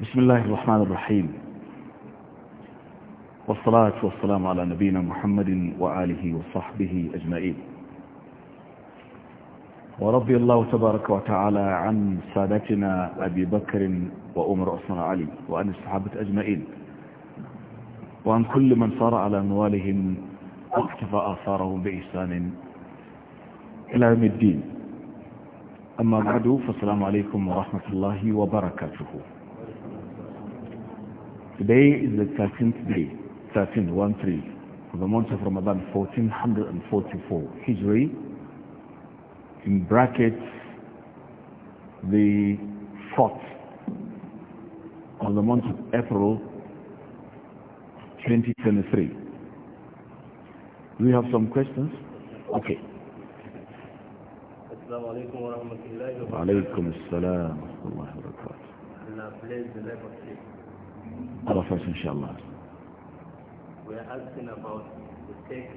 بسم الله الرحمن الرحيم والصلاة والسلام على نبينا محمد وآله وصحبه أجمعين ورضي الله تبارك وتعالى عن سادتنا أبي بكر وأمر عثمان علي وأن الصحابة أجمعين وعن كل من صار على منوالهم واقتفى آثارهم بإحسان إلى يوم الدين أما بعد فالسلام عليكم ورحمة الله وبركاته Today is the 13th day, 13, 1 3, of the month of Ramadan 1444 Hijri, in brackets, the 4th of the month of April 2023. Do we have some questions? Okay. Assalamu alaikum wa rahmatullahi wa barakatuh. Alaikum assalam wa rahmatullahi wa barakatuh other first, inshallah. We are asking about the tax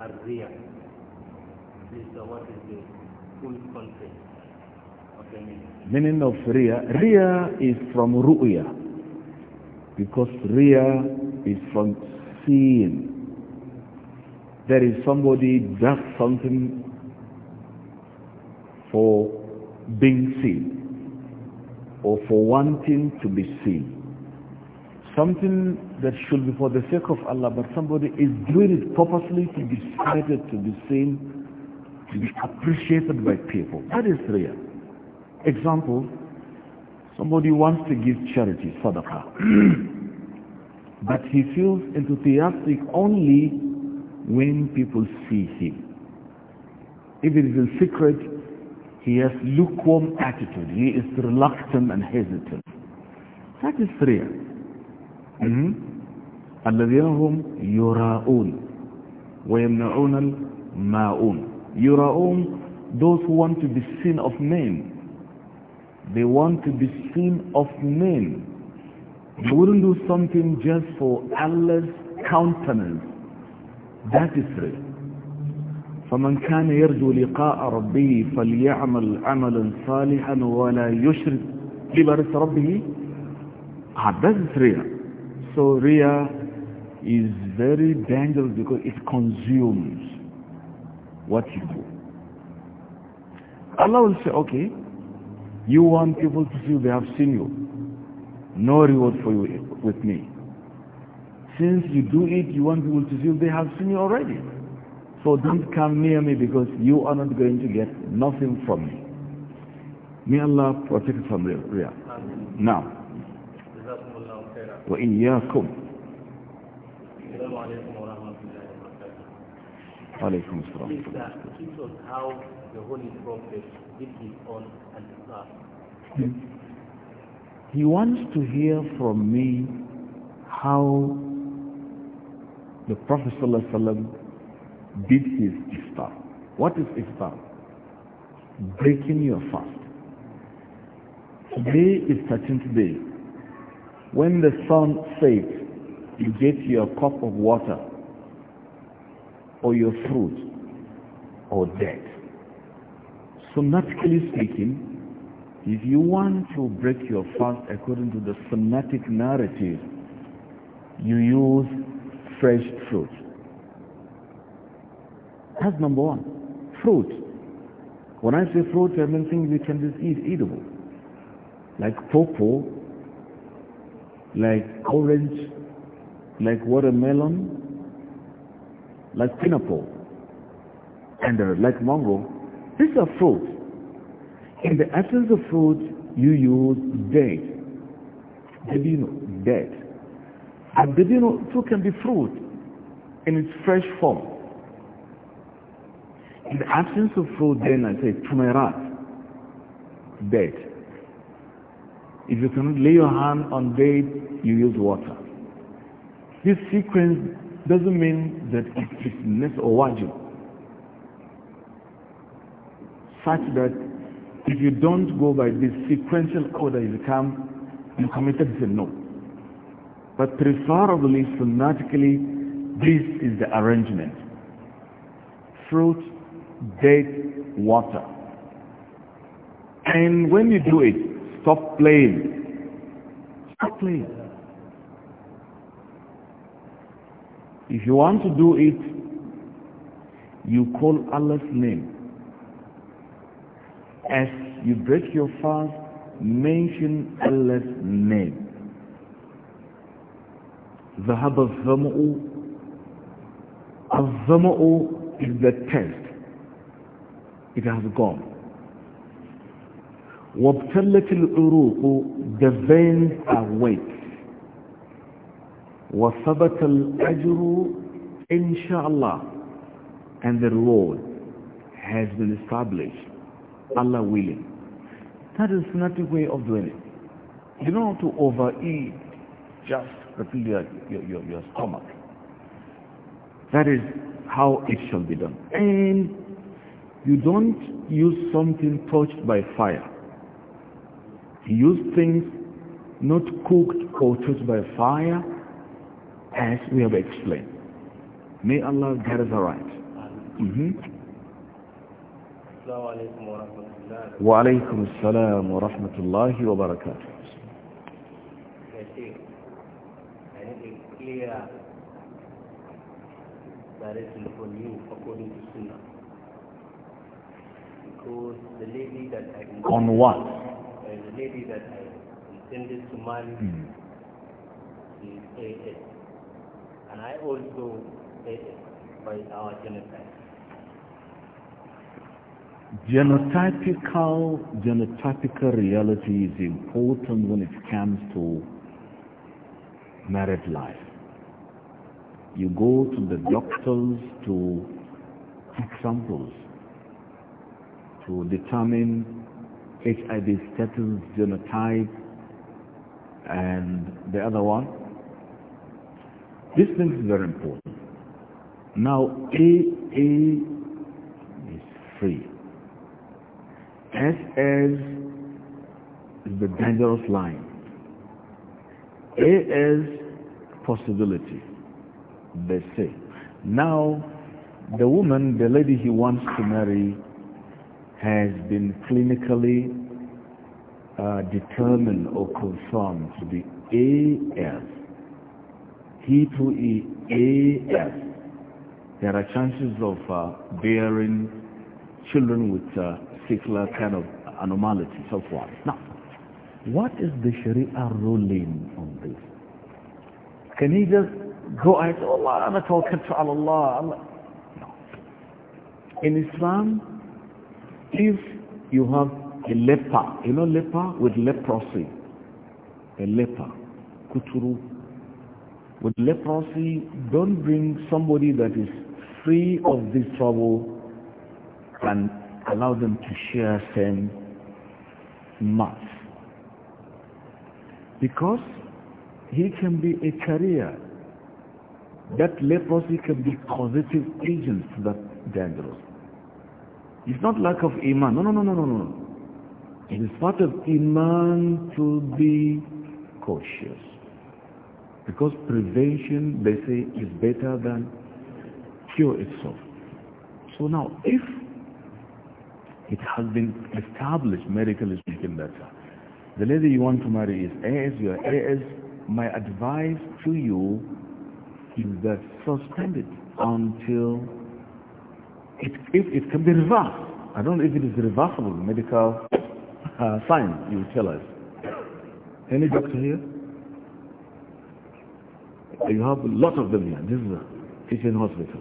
area. This is what is the full content. of the meaning. Meaning of Ria. Ria is from ruia, Because Ria is from seeing. There is somebody does something for being seen or for wanting to be seen something that should be for the sake of Allah, but somebody is doing it purposely to be cited, to be seen, to be appreciated by people. That is real. Example, somebody wants to give charity, sadaqah, but he feels enthusiastic only when people see him. If it is in secret, he has lukewarm attitude. He is reluctant and hesitant. That is real. الذين هم يراؤون ويمنعون الماؤون يراؤون those who want to be seen of men they want to be seen of men they wouldn't do something just for Allah's countenance that is true فمن كان يرجو لقاء ربه فليعمل عملا صالحا ولا يشرك ببارس ربه هذا that is real So Ria is very dangerous because it consumes what you do. Allah will say, okay, you want people to see they have seen you. No reward for you with me. Since you do it, you want people to see they have seen you already. So don't come near me because you are not going to get nothing from me. May Allah protect you from Ria. Now. وإياكم السلام عليكم ورحمة الله وبركاته عليكم السلام how the Holy Prophet did his own He wants to hear from me how the Prophet ﷺ did his iftar. What is iftar? Breaking your fast. Today is 13th day when the sun sets, you get your cup of water or your fruit or death. Sunnatically speaking, if you want to break your fast according to the Sunnatic narrative, you use fresh fruit. That's number one. Fruit. When I say fruit, I mean things which can just eat, edible. Like pawpaw like orange, like watermelon, like pineapple, and uh, like mango. These are fruits. In the absence of fruit, you use date. know date. And know fruit can be fruit in its fresh form. In the absence of fruit, then I say tumerat, date. If you can lay your hand on date, you use water. This sequence doesn't mean that it is less or wajib. Such that if you don't go by this sequential order, you come, you committed sin. No. But preferably, sunnatically, this is the arrangement. Fruit, date, water. And when you do it, Stop playing. Stop playing. If you want to do it, you call Allah's name. As you break your fast, mention Allah's name. ذهب الظمأ الظمأ is the test. It has gone. وابتلت العروق the veins are wet وثبت الأجر إن شاء الله and the reward has been established Allah willing that is not the way of doing it you don't have to overeat just to fill your, your, your stomach that is how it shall be done and you don't use something touched by fire he used things not cooked or touched by fire as we have explained. May Allah guide us aright. Mm-hmm. Wa alaikum salam wa rahmatullahi wa barakatuh. direction for you according to Sunnah. Because the lady that I On what? lady that I intended to marry mm. is AA. And I also AA by our genotype. Genotypical, genotypical reality is important when it comes to married life. You go to the doctors to take samples to determine HIV status, genotype, and the other one. This thing is very important. Now, AA is free. SS is the dangerous line. AS possibility, they say. Now, the woman, the lady he wants to marry, has been clinically uh, determined or confirmed to be AS. He2EAS. There are chances of uh, bearing children with uh, particular kind of anomaly, so forth. Now, what is the Sharia ruling on this? Can he just go ahead, oh Allah, I'm talking to Allah, Allah? No. In Islam, if you have a leper, you know leper with leprosy, a leper, kuturu, with leprosy, don't bring somebody that is free of this trouble and allow them to share same mass. Because he can be a carrier. That leprosy can be causative agent to that dangerous. It's not lack of iman. No, no, no, no, no, no. It is part of iman to be cautious. Because prevention, they say, is better than cure itself. So now, if it has been established, medically speaking, that uh, the lady you want to marry is AS, you are AS, my advice to you is that suspend it until it, it, it can be reversed. I don't know if it is reversible medical uh, science, you tell us. Any doctor here? You have a lot of them here. This is a teaching hospital.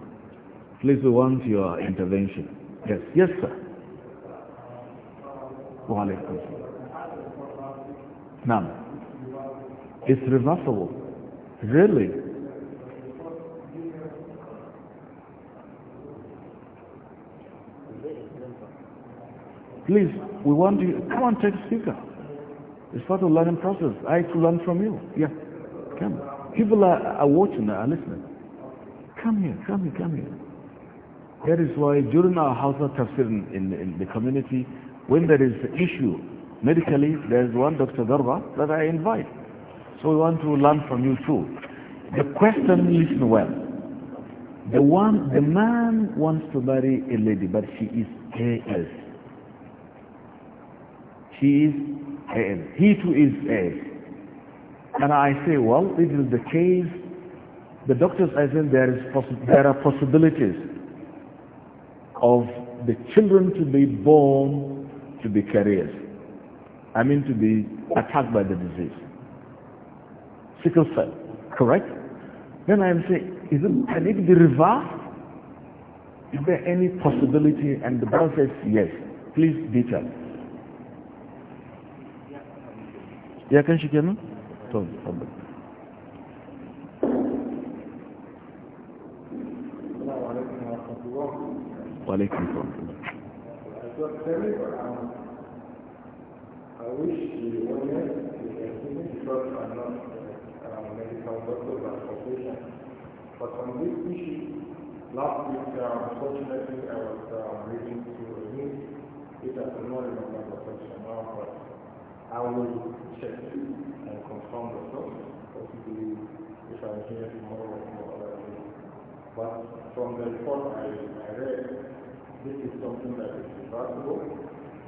Please, we want your intervention. Yes, yes, sir. Wa Now, it's reversible. Really? Please, we want you, come on, take speaker. It's part of learning process. I to learn from you. Yeah, come. People are, are watching, are listening. Come here, come here, come here. That is why during our household tafsir in, in, in, the community, when there is an issue medically, there is one Dr. Darba that I invite. So we want to learn from you too. The question, listen well. The one, the man wants to marry a lady, but she is KS. He is A. He too is A. And I say, well, this is the case. The doctors assume there, is there are possibilities of the children to be born to be carriers. I mean to be attacked by the disease. Sickle cell, correct? Then I am saying, is it, can it be reversed? Is there any possibility? And the Bible says, yes. Please detail. ya kan shi kenan? to tabbata وعليكم السلام But on this issue, last week, uh, unfortunately, I was uh, reading through a news. It has not remembered now, but I will check and confirm the source. Possibly if I hear more. or other But from the report I, I read, this is something that is reversible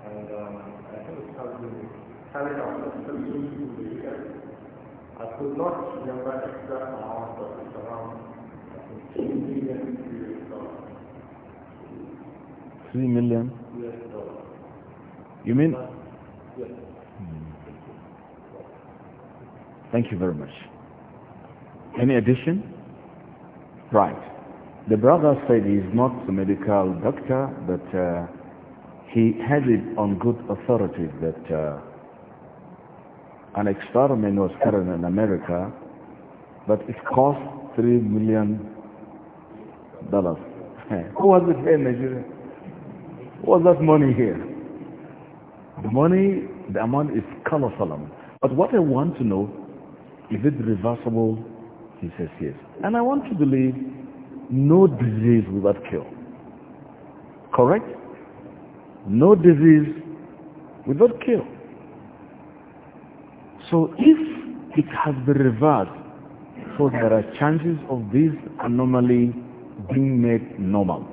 and um, I think it has been carried out successfully in the I could not remember the exact amount, but it's around I think, 3 million US dollars. 3 million? Yes, dollars. You mean? Thank you very much. Any addition? Right. The brother said he's not a medical doctor, but uh, he has it on good authority that uh, an experiment was carried in America, but it cost three million dollars. Who was it here in Nigeria? What's that money here? The money, the amount is colossal. But what I want to know is it reversible? He says yes. And I want to believe no disease without cure. Correct? No disease without cure. So if it has been reversed, so there are chances of this anomaly being made normal.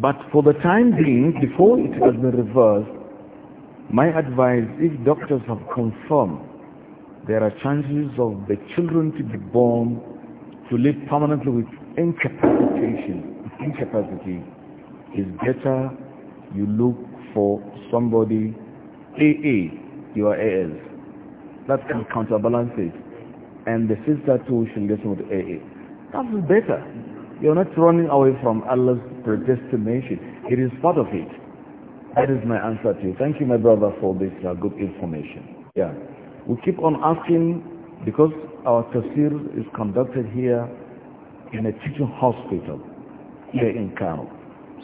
But for the time being, before it has been reversed, my advice, if doctors have confirmed there are chances of the children to be born to live permanently with incapacitation. Incapacity is better you look for somebody AA, you are AS. That can counterbalance it. And the sister too should listen with AA. That's better. You're not running away from Allah's predestination. It is part of it. That is my answer to you. Thank you, my brother, for this uh, good information. Yeah. We keep on asking because our tafsir is conducted here in a teaching hospital here in Kano.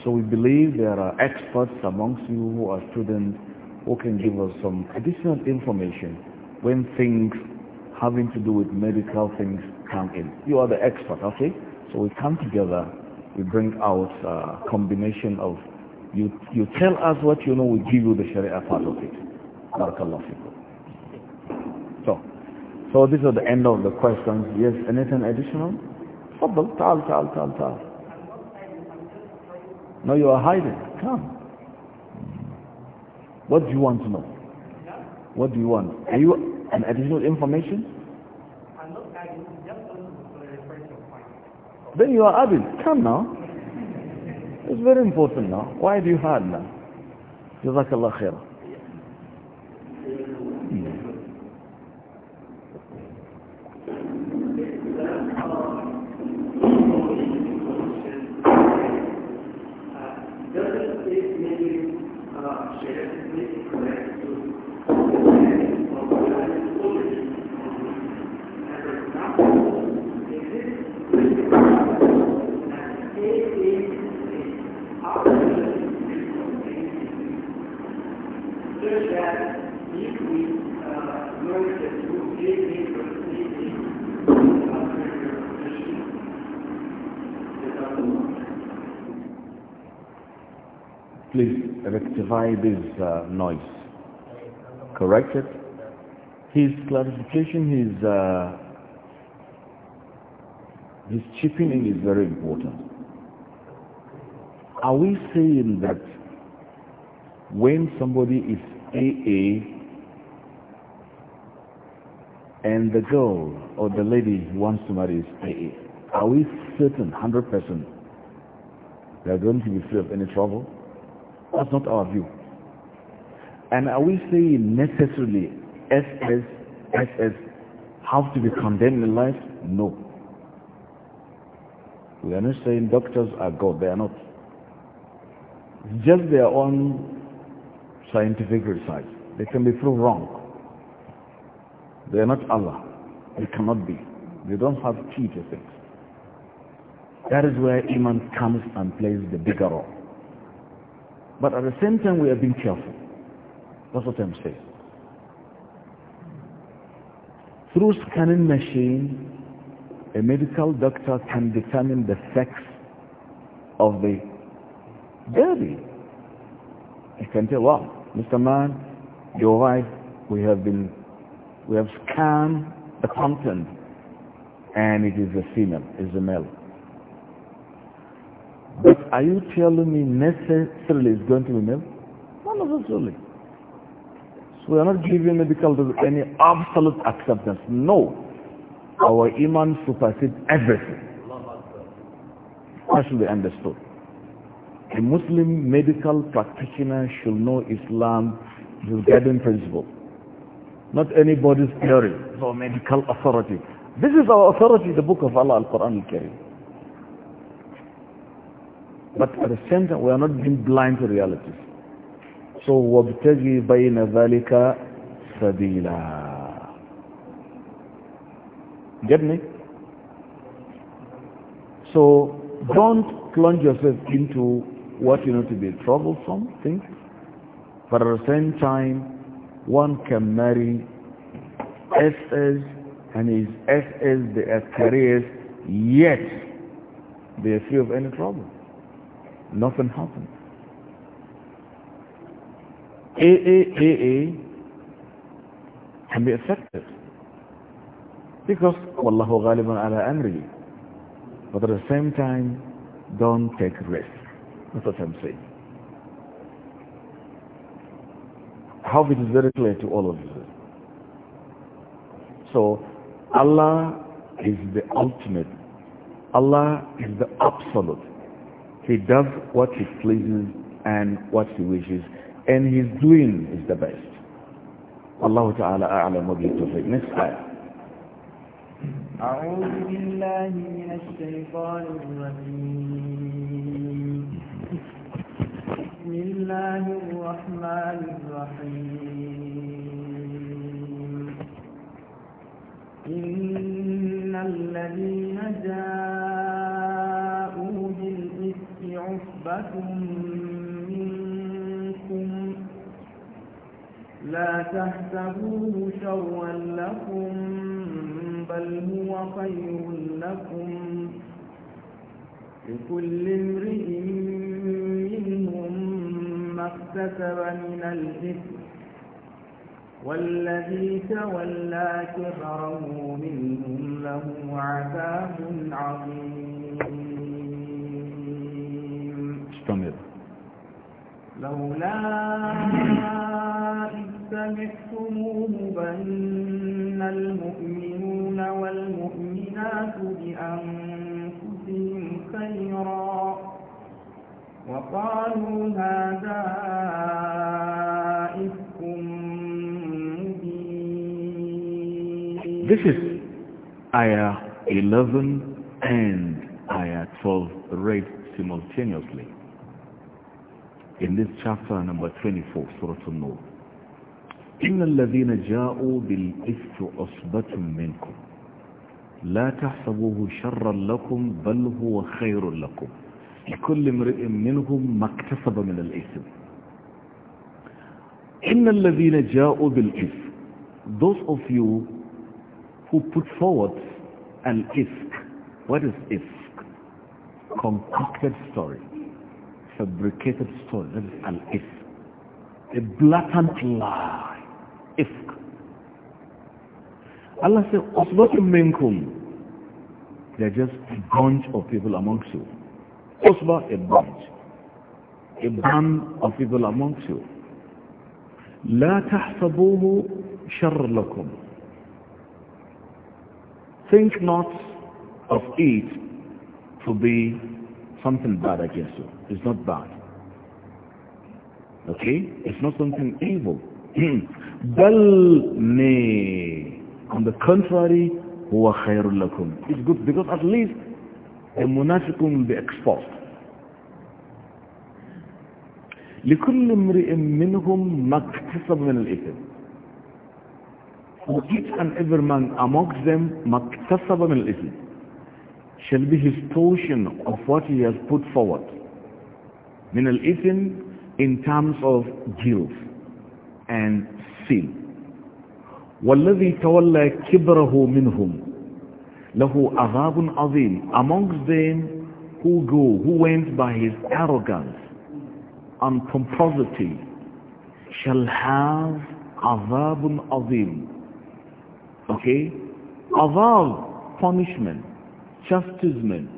So we believe there are experts amongst you who are students who can give us some additional information when things having to do with medical things come in. You are the expert, okay? So we come together, we bring out a combination of, you, you tell us what you know, we give you the Sharia part of it. Barakallah fikum. So this is the end of the questions. Yes, anything additional? Fadl, ta'al, ta'al, ta'al, ta'al. No, you are hiding. Come. What do you want to know? What do you want? Are you an additional information? Then you are hiding. Come now. It's very important now. Why do you hide now? Jazakallah khairah. this may be uh, shared with collectors. vibe is uh, noise. Corrected? His clarification, his, uh, his chipping in is very important. Are we saying that when somebody is AA and the girl or the lady wants to marry is AA, are we certain, 100%, they're going to be free of any trouble? That's not our view. And I will say necessarily SS, SS have to be condemned in life? No. We are not saying doctors are God. They are not. It's just their own scientific research. They can be proved wrong. They are not Allah. They cannot be. They don't have key to things. That is where Iman comes and plays the bigger role. But at the same time, we are being careful. That's what I'm saying. Through scanning machine, a medical doctor can determine the sex of the baby. He can tell, "Well, Mr. Man, your wife, we have been, we have scanned the content, and it is a female, is a male are you telling me necessarily it's going to be male? Not necessarily. So we are not giving medical any absolute acceptance. No. Our iman supersedes everything. That should be understood. A Muslim medical practitioner should know Islam the guiding principle. Not anybody's theory or medical authority. This is our authority, the book of Allah, Al-Quran Al-Karim. But at the same time, we are not being blind to realities. So, وَابْتَجِي بَيْنَ ذَلِكَ سَبِيلًا Get me? So, don't plunge yourself into what you know to be troublesome things. But at the same time, one can marry SS and his SS, the careers, yet they are free of any trouble nothing happened. aa can be accepted because Wallahu ghaliban ala amri but at the same time don't take risk that's what I'm saying How it is very clear to all of you so Allah is the ultimate Allah is the absolute he does what he pleases and what he wishes. And his doing is the best. Allah Ta'ala أعلم بالتوفيق. Next أعوذ بالله من الشيطان الرجيم بسم الله الرحمن الرحيم إن الذين جاءوا منكم لا تحسبوه شرا لكم بل هو خير لكم لكل امرئ منهم ما اكتسب من الإثم والذي تولى كفره منهم له عذاب عظيم استمر لولا إذ سمعتموه ظن المؤمنون والمؤمنات بأنفسهم خيرا وقالوا هذا إفك مبين This is Ayah 11 and Ayah 12 read simultaneously. in this chapter number 24, Surah An-Nur. إن الذين جاءوا بالإفك أصبة منكم لا تحسبوه شرا لكم بل هو خير لكم لكل امرئ منهم ما اكتسب من الإثم إن الذين جاءوا بالإفك those of you who put forward an ifk what is ifk concocted story fabricated stories, and if. A blatant lie. If. Allah said, Usbatun minkum. They're just a bunch of people amongst you. Usba, a bunch. A band of people amongst you. لا تحسبوه شر لكم. Think not of it to be something bad against you. It's not bad. Okay? It's not something evil. بل may. On the contrary, هو خير lakum. It's good because at least the munafiq will be exposed. لكل امرئ منهم ما اكتسب من الإثم. For each and every man amongst them ما اكتسب من الإثم shall be his portion of what he has put forward. Min al in terms of guilt and sin. وَالَّذِي تَوَلَّى كِبْرَهُ مِنْهُمْ لَهُ عَذَابٌ عَظِيمٌ Amongst them who go, who went by his arrogance and pomposity, shall have عَذَابٌ عَظِيمٌ Okay? Azab, punishment chastisement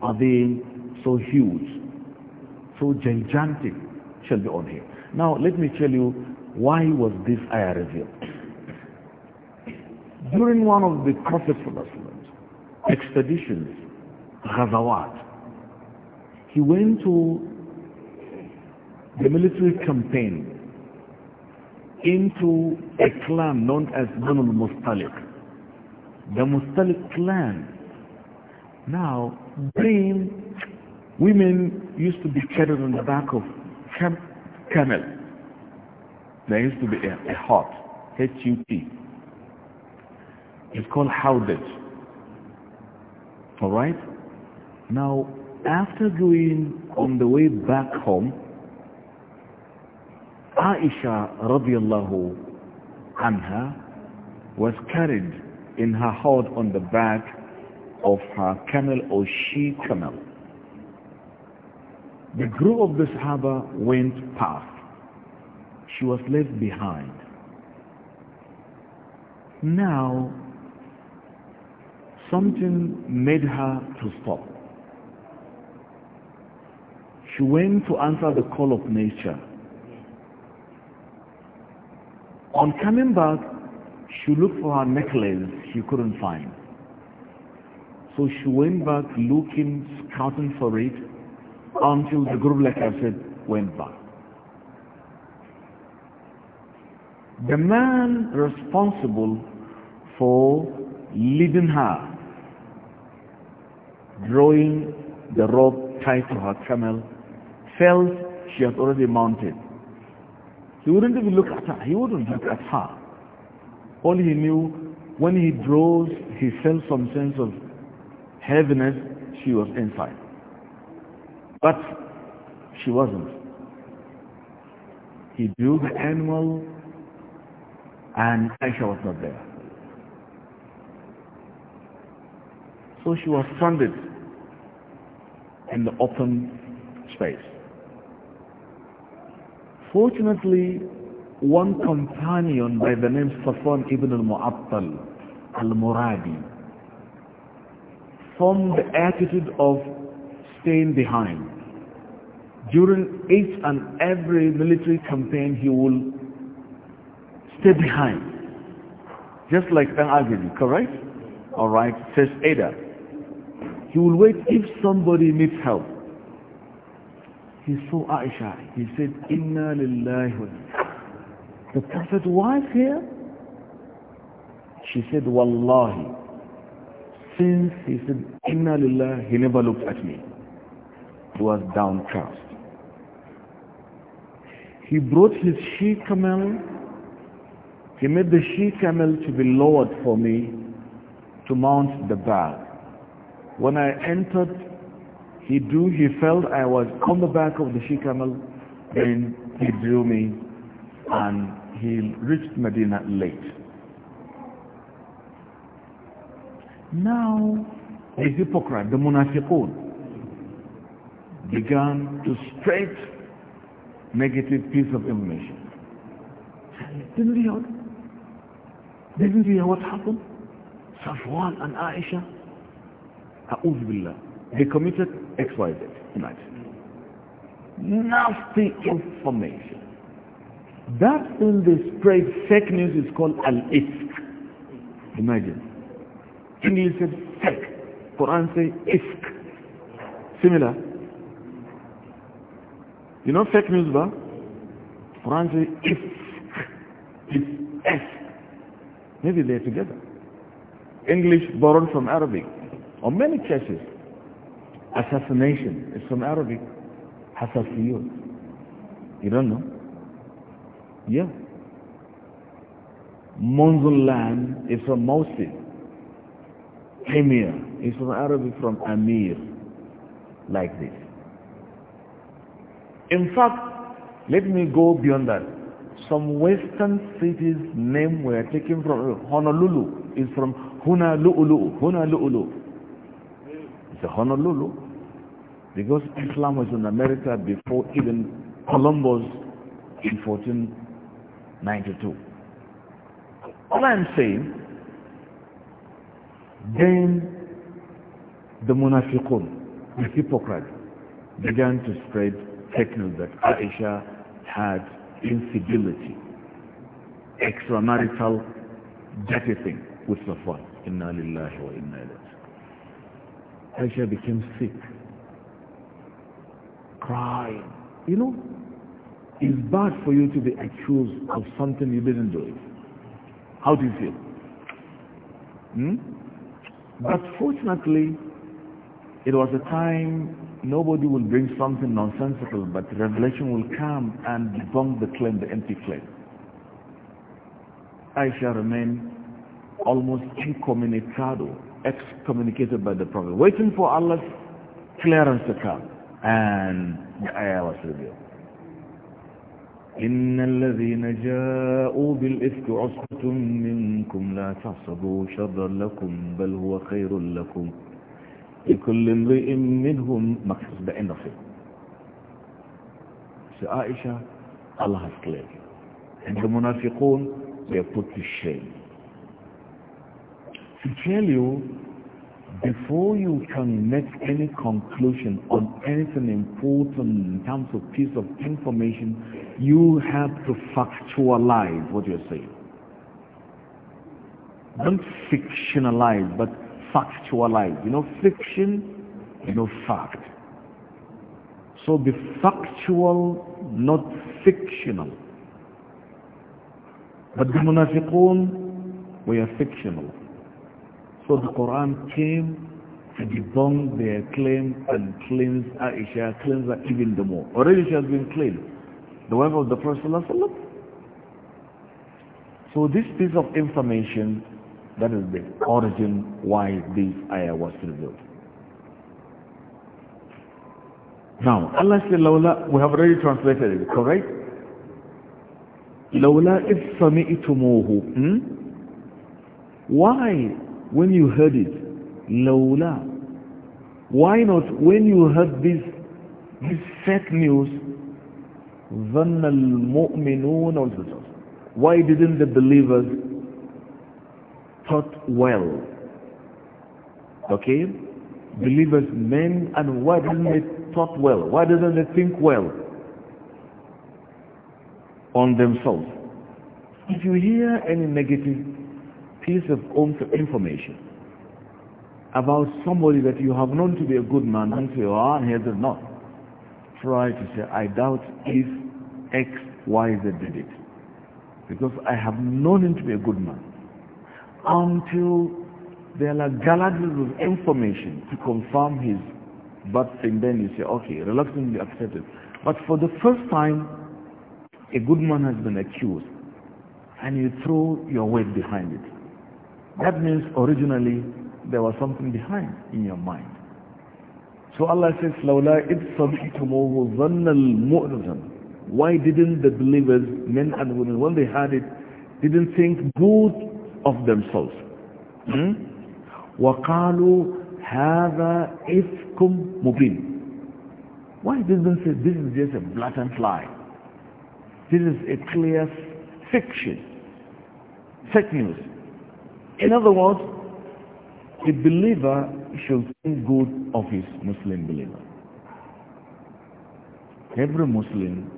are they so huge, so gigantic shall be on him. Now let me tell you why was this ayah revealed. During one of the Prophet's expeditions, Ghazawat, he went to the military campaign into a clan known as Banu al-Mustalik. The Mustalik clan now, women used to be carried on the back of cam camel. There used to be a, a hut, H-U-T. It's called howdage. All right? Now, after going on the way back home, Aisha radiallahu anha was carried in her heart on the back of her camel or she camel. The group of the Sahaba went past. She was left behind. Now, something made her to stop. She went to answer the call of nature. On coming back, she looked for her necklace she couldn't find. So she went back looking, scouting for it until the group, like I said, went back. The man responsible for leading her, drawing the rope tied to her camel, felt she had already mounted. He wouldn't even look at her. He wouldn't look at her. All he knew, when he draws, he felt some sense of heaviness, she was inside. But she wasn't. He drew the animal and Aisha was not there. So she was stranded in the open space. Fortunately, one companion by the name Safwan ibn al-Mu'attal al-Muradi from the attitude of staying behind. During each and every military campaign, he will stay behind. Just like an army. correct? Alright, says Ada. He will wait if somebody needs help. He saw Aisha. He said, Inna lillahi The Prophet's wife here? She said, Wallahi, since he said, Inna Lillah, he never looked at me. He was downcast. He brought his she camel. He made the she camel to be lowered for me to mount the bag. When I entered, he drew, he felt I was on the back of the she camel, and he drew me, and he reached Medina late. Now, the hypocrite, the munafiqun, began to spread negative piece of information. Didn't you hear? Didn't you hear what happened? Safwan and Aisha, A'udhu Billah, they committed XYZ tonight. Nasty information. That in the spread fake news is called al isk. Imagine. English says take. Quran say ifk. Similar. You know fake news, ba? Quran says ifk. It's S. Maybe they're together. English borrowed from Arabic. Or many cases. Assassination is from Arabic. Hassasiyot. You don't know? Yeah. land is from Mosul. Amir is from Arabic from Amir, like this. In fact, let me go beyond that. Some western cities' name were taken from Honolulu is from Honolulu, Honolulu. It's a Honolulu because Islam was in America before even Columbus in 1492. All I'm saying then the munafiqun, the hypocrites, began to spread news that Aisha had infidelity, extramarital dirty thing with Safwan. Inna lillahi wa inna ilayhi. Aisha became sick, crying. You know, it's bad for you to be accused of something you didn't do. How do you feel? Hmm? But fortunately, it was a time nobody will bring something nonsensical, but revelation will come and debunk the claim, the empty claim. I shall remain almost incommunicado, excommunicated by the Prophet, waiting for Allah's clearance to come. And the ayah was revealed. إن الذين جاءوا بالإفك عصبة منكم لا تحسبوا شرا لكم بل هو خير لكم لكل امرئ منهم مكسوس بعين رفيق سعائشة الله أسكليك عند المنافقون يبطل الشيء في التاليو before you can make any conclusion on anything important in terms of piece of information, you have to factualize what you're saying. Don't fictionalize, but factualize. You know fiction, you know fact. So be factual, not fictional. But the munafiqun, we are fictional. So the Quran came to debunk their claim and cleanse Aisha, cleanse her even the more. Already she has been cleansed, the wife of the Prophet So this piece of information, that is the origin why this ayah was revealed. Now, Allah said, Lawla, we have already translated it, correct? Lawla is sami'tumuhu. Hmm? Why when you heard it laula. why not when you heard this this fake news ظن المؤمنون why didn't the believers thought well okay believers men and why didn't they thought well why didn't they think well on themselves if you hear any negative piece of information about somebody that you have known to be a good man and say, oh, he not. Try to say, I doubt if X, Y, Z did it. Because I have known him to be a good man. Until there are galaxies of information to confirm his bad thing, then you say, okay, reluctantly accept it. But for the first time, a good man has been accused, and you throw your weight behind it. That means originally there was something behind in your mind. So Allah says, لَوْلَا إِذْ سَمِعْتُمُوهُ ظَنَّ الْمُؤْذَنُ Why didn't the believers, men and women, when they heard it, didn't think good of themselves? Hmm? وَقَالُوا هَذَا إِفْكُمْ مُبِينٌ Why didn't say this is just a blatant lie? This is a clear fiction, fake news. In other words, a believer should think good of his Muslim believer. Every Muslim,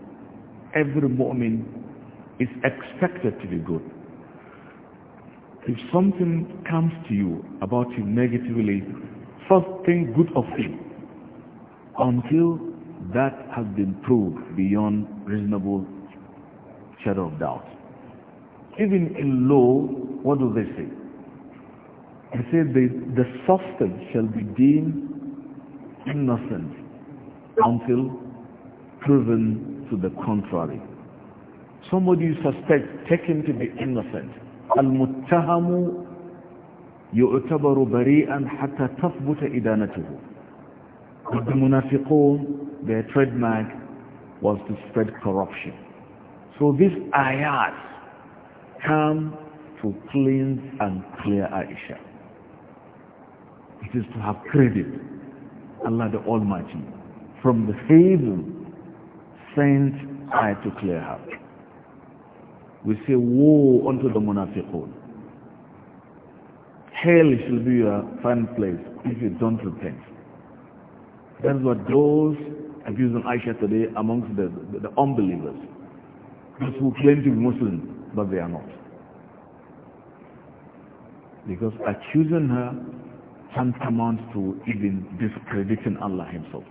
every mu'min is expected to be good. If something comes to you about him negatively, first think good of him until that has been proved beyond reasonable shadow of doubt. Even in law, what do they say? He said the, the suspect shall be deemed innocent until proven to the contrary. Somebody you suspect, take him to be innocent. Al muttahamu بريئا حتى hatta إدانته. idanatuhu. the munafiqun, their trademark was to spread corruption. So these ayat come to cleanse and clear Aisha. It is to have credit, Allah the Almighty, from the haven sent I to clear her. We say, woe unto the munafiqun. Hell shall be your fine place if you don't repent. That's what those abusing Aisha today amongst the, the, the unbelievers, those who claim to be Muslim, but they are not. Because accusing her tantamount to even discrediting Allah himself.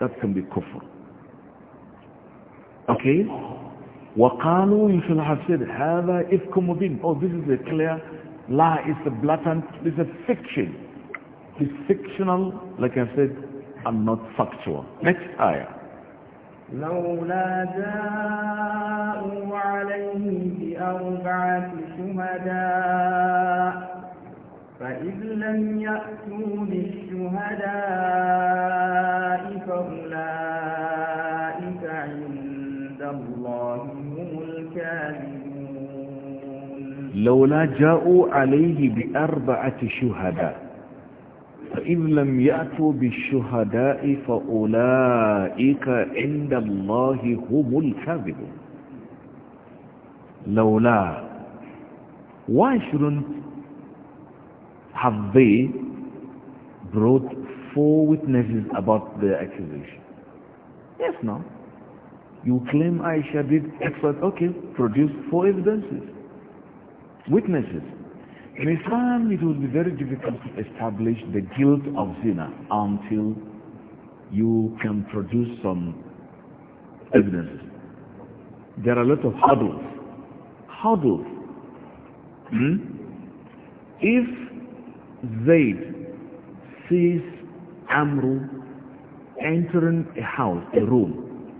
That can be kufr. Okay? وَقَالُوا You shall have said, هَذَا إِفْكُ مُبِينٌ Oh, this is a clear lie, it's a blatant, it's a fiction. It's fictional, like I said, and not factual. Next ayah. لولا جاءوا عليه بأربعة شهداء فإذ لم يأتوا بالشهداء فأولئك عند الله هم الكاذبون لولا جاءوا عليه بأربعة شهداء فإذ لم يأتوا بالشهداء فأولئك عند الله هم الكاذبون لولا وعشر have they brought four witnesses about the accusation? Yes, no. You claim Aisha did expert, okay, produce four evidences, witnesses. In Islam, it would be very difficult to establish the guilt of zina until you can produce some evidences. There are a lot of hurdles. Hurdles. Hmm? If Zaid sees Amru entering a house, a room,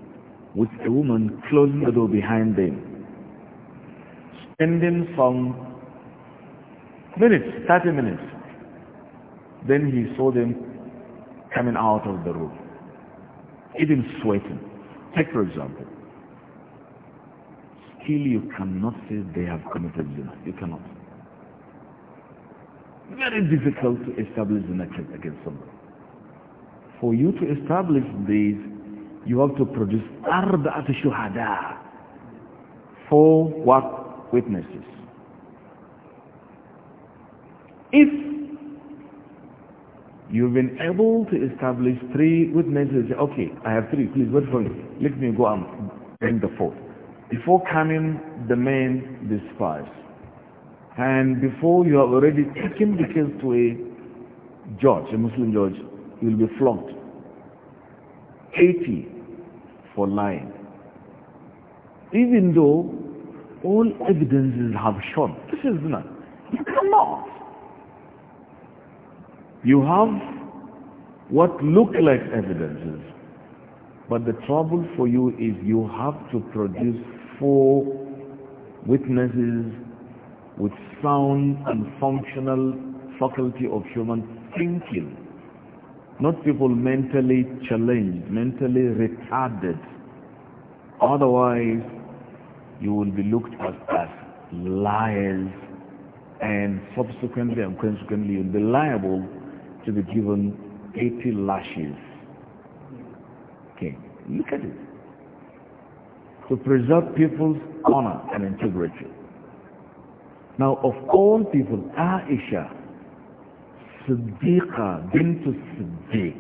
with a woman closing the door behind them. Spending some minutes, 30 minutes, then he saw them coming out of the room, even sweating. Take for example, still you cannot say they have committed zina. You cannot. Very difficult to establish the nexus against somebody. For you to establish this, you have to produce arba'at shuhada. Four what? Witnesses. If you've been able to establish three witnesses, okay, I have three, please wait for me. Let me go and bring the fourth. Before coming, the men, the and before you have already taken the case to a judge, a Muslim judge, you will be flogged. 80 for lying. Even though all evidences have shown, this is not, you cannot. You have what look like evidences. But the trouble for you is you have to produce four witnesses with sound and functional faculty of human thinking. Not people mentally challenged, mentally retarded. Otherwise, you will be looked at as liars and subsequently and consequently you'll be liable to be given 80 lashes. Okay, look at it. To preserve people's honor and integrity. Now, of all people, Aisha, Siddiqa bint Siddiq,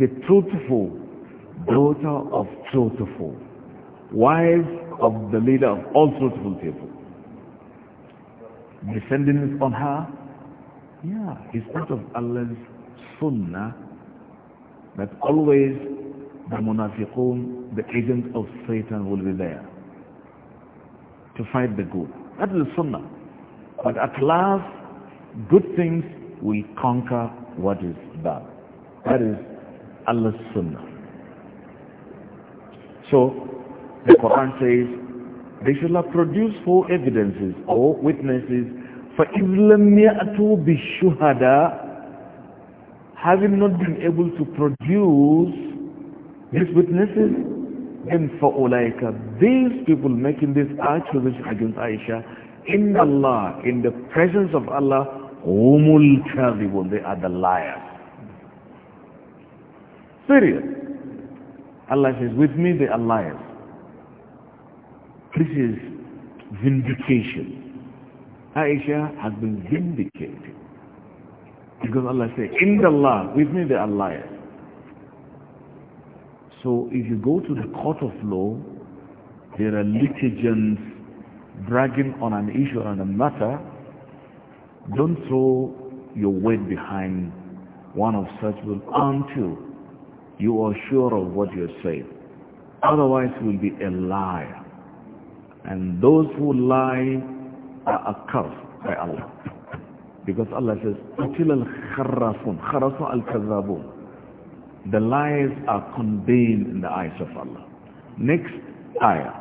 the truthful, daughter of truthful, wife of the leader of all truthful people. Descendants on her, yeah, it's part of Allah's sunnah that always the munafiqun, the agent of Satan will be there to fight the good. That is the sunnah. But at last, good things will conquer what is bad. That is Allah's sunnah. So, the Quran says, they shall have produced four evidences or witnesses فَإِذْ لَمْ يَأْتُوا بِالشُّهَدَى Having not been able to produce these witnesses, for فَأُولَيْكَ These people making this accusation against Aisha, in Allah, in the presence of Allah, هُمُ الْكَذِبُونَ They are the liars. Serious. Allah says, with me they are liars. This is vindication. Aisha has been vindicated. Because Allah says, in the Allah, with me they are liars. So if you go to the court of law, there are litigants bragging on an issue on a matter, don't throw your weight behind one of such will until you are sure of what you're saying. Otherwise you will be a liar. And those who lie are accursed by Allah. Because Allah says, al-kharrafun, الْخَرَّفُونَ al الْكَذَّابُونَ the lies are condemned in the eyes of Allah. Next ayah.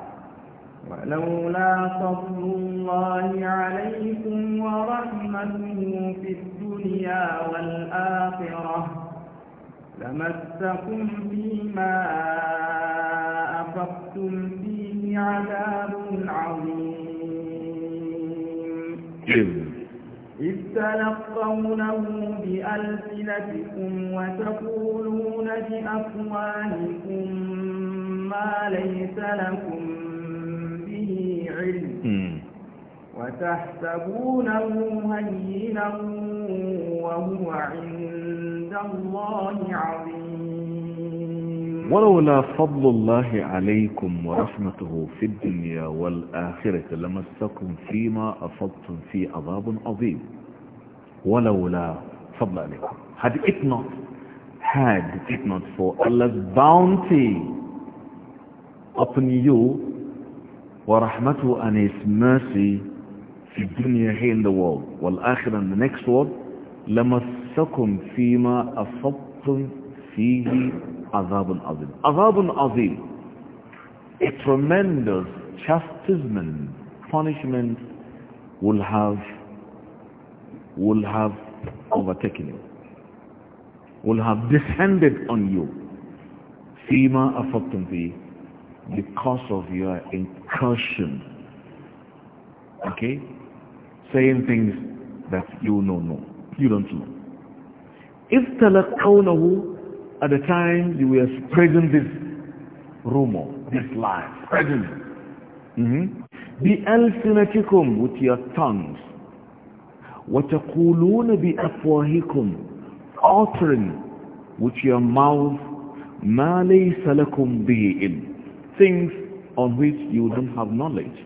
ولولا فضل الله عليكم ورحمته في الدنيا والآخرة لمسكم فيما أفقتم فيه عذاب عظيم. إذ تلقونه بألسنتكم وتقولون بأفواهكم ما ليس لكم به علم وتحسبونه هينا وهو عند الله عظيم ولولا فضل الله عليكم ورحمته في الدنيا والآخرة لمسكم فيما أفضتم في عذاب عظيم ولولا فضل عليكم had it not had it not for Allah's bounty upon you ورحمته and His mercy في الدنيا here in the world والآخرة in the next world لمسكم فيما أفضتم فيه azabun azim. Azabun azim, a tremendous chastisement, punishment will have, will have overtaken you, will have descended on you. Fima affecting because of your incursion. Okay? Saying things that you know no. You don't know. إذ تلقونه at the time you were spreading this rumor, this lie, spreading it. بألسنتكم mm-hmm. with your tongues وتقولون بأفواهكم uttering with your mouth ما ليس لكم به things on which you don't have knowledge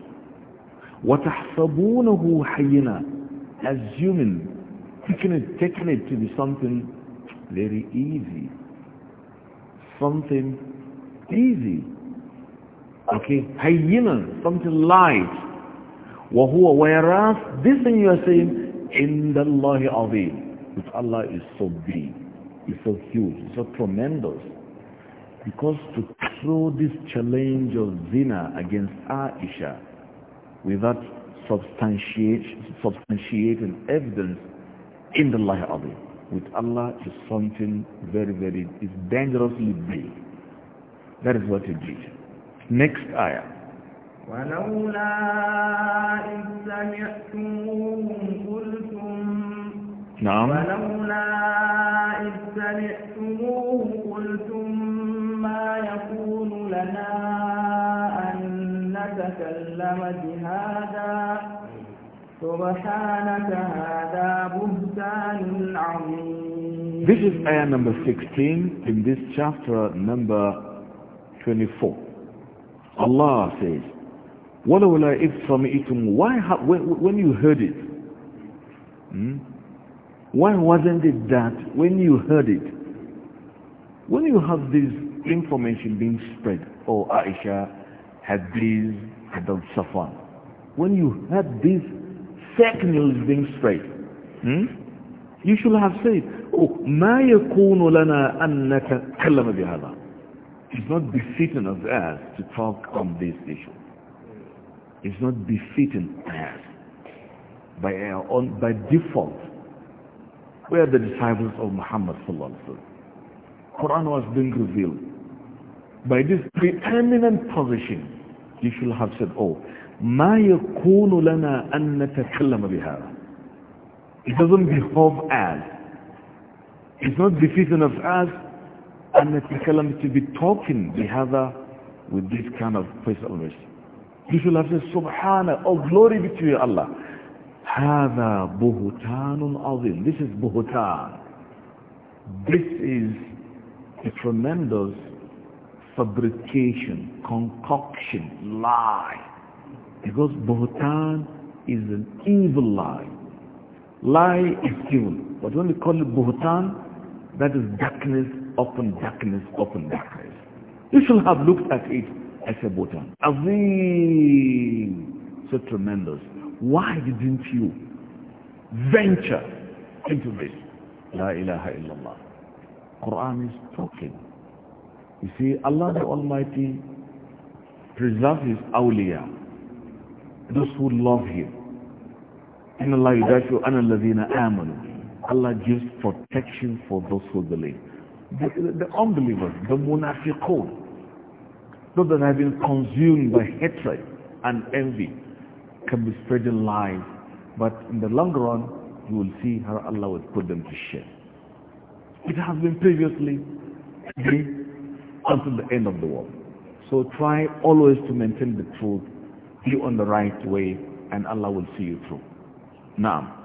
وتحسبونه حينا assuming taking it, taking it to be something very easy something easy. Okay, hayyinan, something light. وَهُوَ Whereas this thing you are saying, إِنَّ اللَّهِ عَظِيمٌ Which Allah is so big, is so huge, is so tremendous. Because to throw this challenge of zina against Aisha without substantiating evidence in the Lahi it with Allah is something very, very, is dangerously big. That is what it is. did. Next ayah. ولولا إذ سمعتموه قلتم نعم ولولا إذ سمعتموه قلتم ما يكون لنا أن نتكلم بهذا سبحانك هذا بهتان عظيم This is ayah number 16 in this chapter number 24. Allah says, وَلَوْلَا إِذْ سَمِئِتُمْ Why, when you heard it, hmm? why wasn't it that when you heard it, when you have this information being spread, oh Aisha had this, had al-Safa, when you heard this fake news being spread. Hmm? You should have said, oh, ما يكون لنا أن نتكلم بهذا. It's not befitting of us to talk on this issue. It's not befitting us by our own, by default. We are the disciples of Muhammad sallallahu alaihi wasallam. Quran was being revealed. By this preeminent position, you should have said, oh, ما يكون لنا أن نتكلم بهذا It doesn't behove us It's not befitting of us أن نتكلم to be talking بهذا with this kind of praise always You should have said Subhanah, oh glory be to you Allah هذا بهتان عظيم This is بهتان This is a tremendous fabrication, concoction, lie because Bhutan is an evil lie. Lie is evil. But when we call it Bhutan, that is darkness upon darkness upon darkness. You should have looked at it as a Bhutan. Azim! So tremendous. Why didn't you venture into this? La ilaha illallah. Quran is talking. You see, Allah the Almighty preserves His awliya those who love him. In Allah yudashu an alladhina amanu. Allah gives protection for those who believe. The, the, unbelievers, the munafiqun, those that have been consumed by hatred and envy, can be spreading lies. But in the long run, you will see how Allah will put them to shame. It has been previously, today, until the end of the world. So try always to maintain the truth be on the right way and Allah will see you through. Now.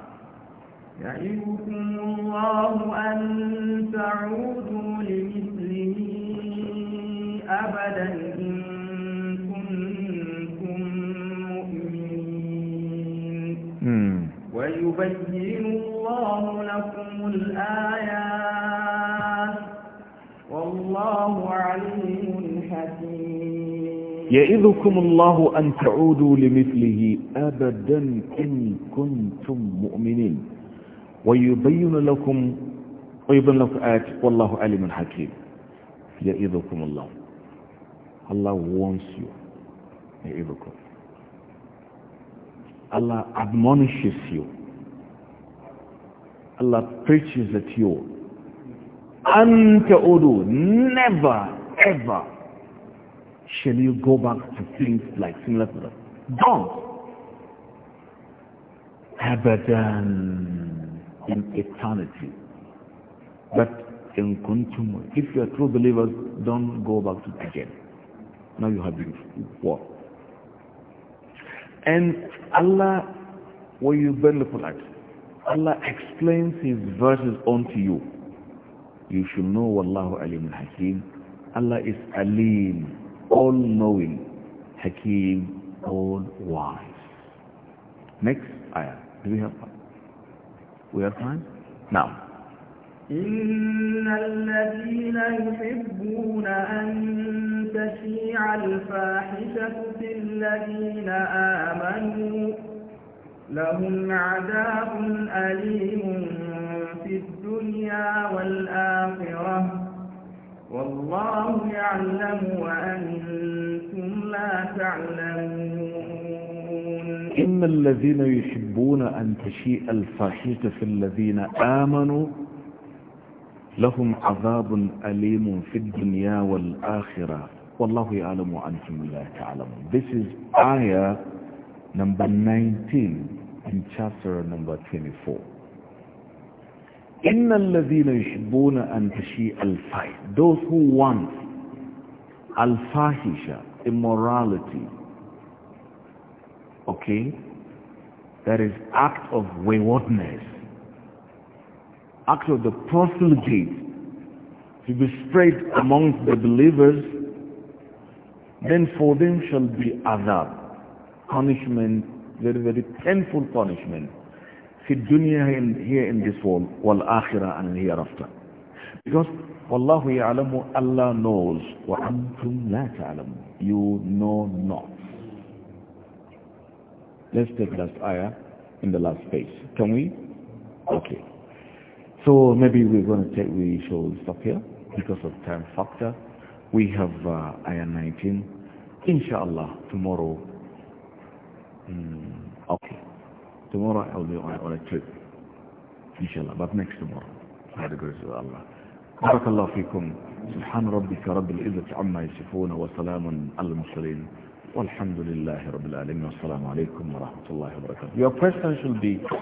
يعظكم الله أن تعودوا لمثله أبدا إن كنتم مؤمنين ويبين الله لكم الآيات والله عليم حكيم يئذكم الله أن تعودوا لمثله أبدا إن كنتم مؤمنين ويبين لكم ويبين لكم آيات والله عليم حكيم يئذكم الله Allah warns you يئذكم Allah admonishes you Allah preaches at you أن تعودوا never ever shall you go back to things like similar to that? Don't. Abadan in eternity. But in kuntum, if you are true believers, don't go back to again. Now you have been what? And Allah, when you bend the Quran, Allah explains His verses unto you. You should know Wallahu Alim Hakim. Allah is Alim, all-knowing, Hakim, all-wise. Next ayah. Do we have time? We have time? Now. إن الذين يحبون أن تشيع الفاحشة في الذين آمنوا لهم عذاب أليم في الدنيا والآخرة والله يعلم وأنتم لا تعلمون إن الذين يحبون أن تشيء الفاحشة في الذين آمنوا لهم عذاب أليم في الدنيا والآخرة والله يعلم وأنتم لا تعلمون This is ayah آية number 19 in chapter number 24 إن الذين يحبون أن تشيء الفاحشة those who want al-fahisha immorality okay that is act of waywardness act of the profligate to be spread amongst the believers then for them shall be other punishment very very painful punishment في الدنيا in, here in this world والآخرة and hereafter because والله يعلم Allah knows وأنتم لا تعلمون you know not let's take last ayah in the last page can we okay so maybe we're going to take we shall stop here because of time factor we have uh, ayah 19 inshallah tomorrow mm, okay Tomorrow I'll be on, on a trip. Inshallah. But next tomorrow. By the grace of Allah. بارك الله فيكم سبحان ربك رب العزة عما يصفون وسلام على المرسلين والحمد لله رب العالمين والسلام عليكم ورحمة الله وبركاته Your question should be